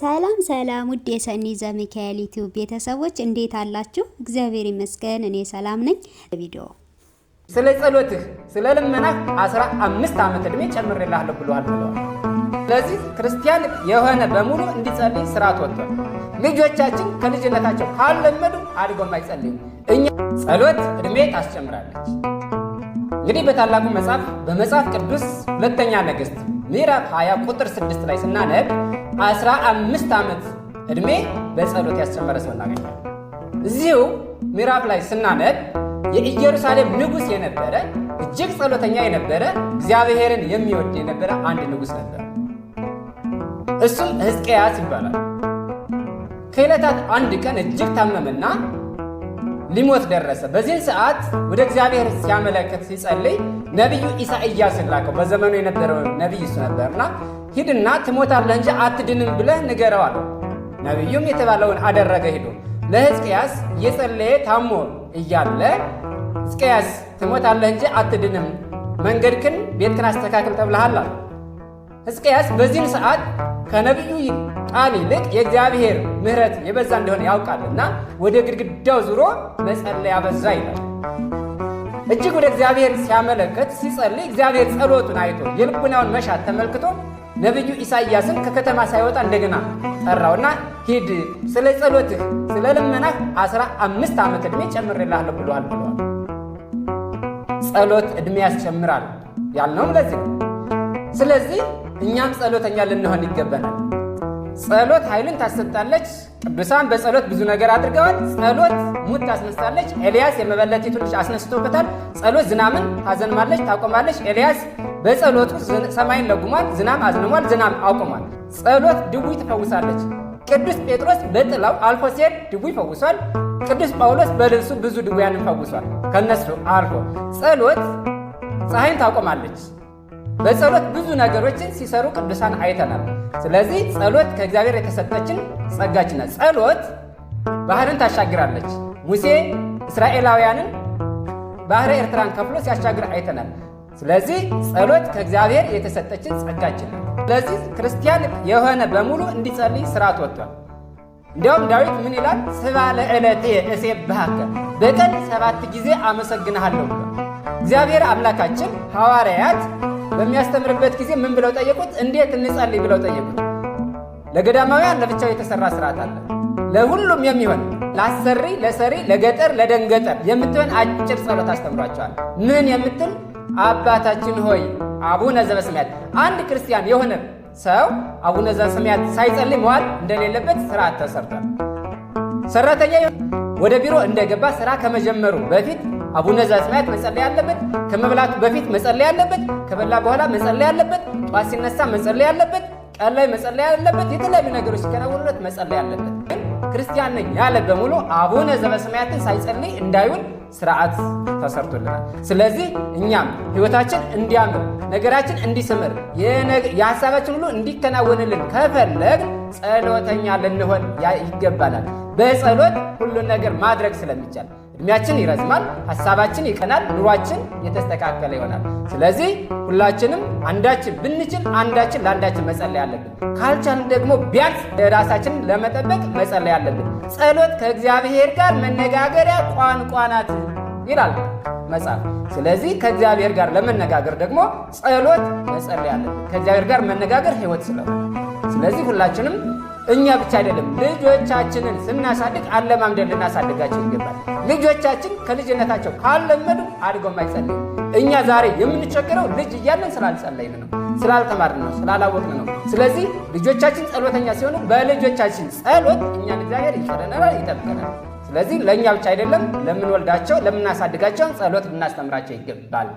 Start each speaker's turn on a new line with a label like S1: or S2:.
S1: ሰላም ሰላም ውድ የሰኒ ዘሚካኤል ዩቲዩብ ቤተሰቦች እንዴት አላችሁ? እግዚአብሔር ይመስገን እኔ ሰላም ነኝ። ቪዲዮ
S2: ስለ ጸሎትህ ስለ ልመናህ አስራ አምስት ዓመት ዕድሜ ጨምሬልሃለሁ ብለዋል ብለዋል። ስለዚህ ክርስቲያን የሆነ በሙሉ እንዲጸልይ ስርዓት ወጥቷል። ልጆቻችን ከልጅነታቸው ካልለመዱ አድገውም አይጸልዩም። እኛ ጸሎት ዕድሜ ታስጨምራለች። እንግዲህ በታላቁ መጽሐፍ በመጽሐፍ ቅዱስ ሁለተኛ ነገሥት ምዕራፍ 20 ቁጥር 6 ላይ ስናነብ አስራ አምስት ዓመት ዕድሜ በጸሎት ያስጨመረ ሰው እናገኛለን። እዚሁ ምዕራፍ ላይ ስናነብ የኢየሩሳሌም ንጉሥ የነበረ እጅግ ጸሎተኛ የነበረ እግዚአብሔርን የሚወድ የነበረ አንድ ንጉሥ ነበር። እሱም ሕዝቅያስ ይባላል። ከዕለታት አንድ ቀን እጅግ ታመመና ሊሞት ደረሰ። በዚህን ሰዓት ወደ እግዚአብሔር ሲያመለክት ሲጸልይ ነቢዩ ኢሳይያስን ላከው። በዘመኑ የነበረው ነቢይ እሱ ነበርና ሂድና ትሞታለህ እንጂ አትድንም ብለህ ንገረዋል። ነቢዩም የተባለውን አደረገ። ሂዶ ለሕዝቅያስ የጸለየ ታሞ እያለ ሕዝቅያስ ትሞታለህ እንጂ አትድንም፣ መንገድክን ቤትክን አስተካክል ተብለሃል አለው። ሕዝቅያስ በዚህም ሰዓት ከነቢዩ ቃል ይልቅ የእግዚአብሔር ምሕረት የበዛ እንደሆነ ያውቃልና ወደ ግድግዳው ዙሮ መጸለይ አበዛ ይላል። እጅግ ወደ እግዚአብሔር ሲያመለከት ሲጸልይ እግዚአብሔር ጸሎቱን አይቶ የልቡናውን መሻት ተመልክቶ ነቢዩ ኢሳይያስን ከከተማ ሳይወጣ እንደገና ጠራውና ሂድ ስለ ጸሎትህ ስለ ልመናህ አስራ አምስት ዓመት ዕድሜ ጨምሬልሃለሁ ብሏል ብሏል። ጸሎት ዕድሜ ያስጨምራል ያልነውም ለዚህ ነው። ስለዚህ እኛም ጸሎተኛ ልንሆን ይገባናል። ጸሎት ኃይልን ታሰጣለች። ቅዱሳን በጸሎት ብዙ ነገር አድርገዋል። ጸሎት ሙት ታስነሳለች። ኤልያስ የመበለቲቱ ልጅ አስነስቶበታል። ጸሎት ዝናምን ታዘንማለች፣ ታቆማለች። ኤልያስ በጸሎቱ ሰማይን ለጉሟል፣ ዝናም አዝንሟል፣ ዝናም አቁሟል። ጸሎት ድውይ ትፈውሳለች። ቅዱስ ጴጥሮስ በጥላው አልፎ ሲሄድ ድውይ ፈውሷል። ቅዱስ ጳውሎስ በልብሱ ብዙ ድውያንን ፈውሷል። ከነሱ አልፎ ጸሎት ፀሐይን ታቆማለች። በጸሎት ብዙ ነገሮችን ሲሰሩ ቅዱሳን አይተናል። ስለዚህ ጸሎት ከእግዚአብሔር የተሰጠችን ጸጋች ናት። ጸሎት ባህርን ታሻግራለች። ሙሴ እስራኤላውያንን ባህረ ኤርትራን ከፍሎ ሲያሻግር አይተናል። ስለዚህ ጸሎት ከእግዚአብሔር የተሰጠችን ጸጋች ነው። ስለዚህ ክርስቲያን የሆነ በሙሉ እንዲጸልይ ስርዓት ወጥቷል። እንዲያውም ዳዊት ምን ይላል? ስባ እሴ እሴብሐከ፣ በቀን ሰባት ጊዜ አመሰግንሃለሁ ብሏል። እግዚአብሔር አምላካችን ሐዋርያት በሚያስተምርበት ጊዜ ምን ብለው ጠየቁት? እንዴት እንጸልይ ብለው ጠየቁት። ለገዳማውያን ለብቻው የተሰራ ስርዓት አለ። ለሁሉም የሚሆን ለሰሪ ለሰሪ፣ ለገጠር፣ ለደንገጠር የምትሆን አጭር ጸሎት አስተምሯቸዋል። ምን የምትል አባታችን ሆይ አቡነ ዘበሰማያት። አንድ ክርስቲያን የሆነ ሰው አቡነ ዘበሰማያት ሳይጸልይ መዋል እንደሌለበት ስርዓት ተሰርቷል። ሰራተኛ ወደ ቢሮ እንደገባ ስራ ከመጀመሩ በፊት አቡነ ዘበሰማያት መጸለይ አለበት። ከመብላቱ በፊት መጸለይ አለበት። ከበላ በኋላ መጸለይ አለበት። ጠዋት ሲነሳ መጸለይ አለበት። ቀን ላይ መጸለይ አለበት። የተለያዩ ነገሮች ሲከናወኑለት መጸለይ አለበት። ግን ክርስቲያን ነኝ ያለ በሙሉ አቡነ ዘበሰማያትን ሳይጸልይ እንዳይውል ስርዓት ተሰርቶልናል። ስለዚህ እኛም ህይወታችን እንዲያምር ነገራችን እንዲስምር የሀሳባችን ሁሉ እንዲከናወንልን ከፈለግ ጸሎተኛ ልንሆን ይገባናል። በጸሎት ሁሉን ነገር ማድረግ ስለሚቻል እድሜያችን ይረዝማል፣ ሀሳባችን ይቀናል፣ ኑሯችን የተስተካከለ ይሆናል። ስለዚህ ሁላችንም አንዳችን ብንችል አንዳችን ለአንዳችን መጸለይ አለብን። ካልቻልን ደግሞ ቢያንስ ራሳችን ለመጠበቅ መጸለይ አለብን። ጸሎት ከእግዚአብሔር ጋር መነጋገሪያ ቋንቋ ናት ይላል መጽሐፍ። ስለዚህ ከእግዚአብሔር ጋር ለመነጋገር ደግሞ ጸሎት መጸለይ አለብን። ከእግዚአብሔር ጋር መነጋገር ህይወት ስለሆነ ስለዚህ ሁላችንም እኛ ብቻ አይደለም ልጆቻችንን ስናሳድግ አለማምደን ልናሳድጋቸው ይገባል። ልጆቻችን ከልጅነታቸው ካለመዱ አድገው አይጸልዩ። እኛ ዛሬ የምንቸገረው ልጅ እያለን ስላልጸለይን ነው፣ ስላልተማርን ነው፣ ስላላወቅን ነው። ስለዚህ ልጆቻችን ጸሎተኛ ሲሆኑ በልጆቻችን ጸሎት እኛን እግዚአብሔር ይፈረናል፣ ይጠብቀናል። ስለዚህ ለእኛ ብቻ አይደለም ለምንወልዳቸው፣ ለምናሳድጋቸውን ጸሎት ልናስተምራቸው ይገባል።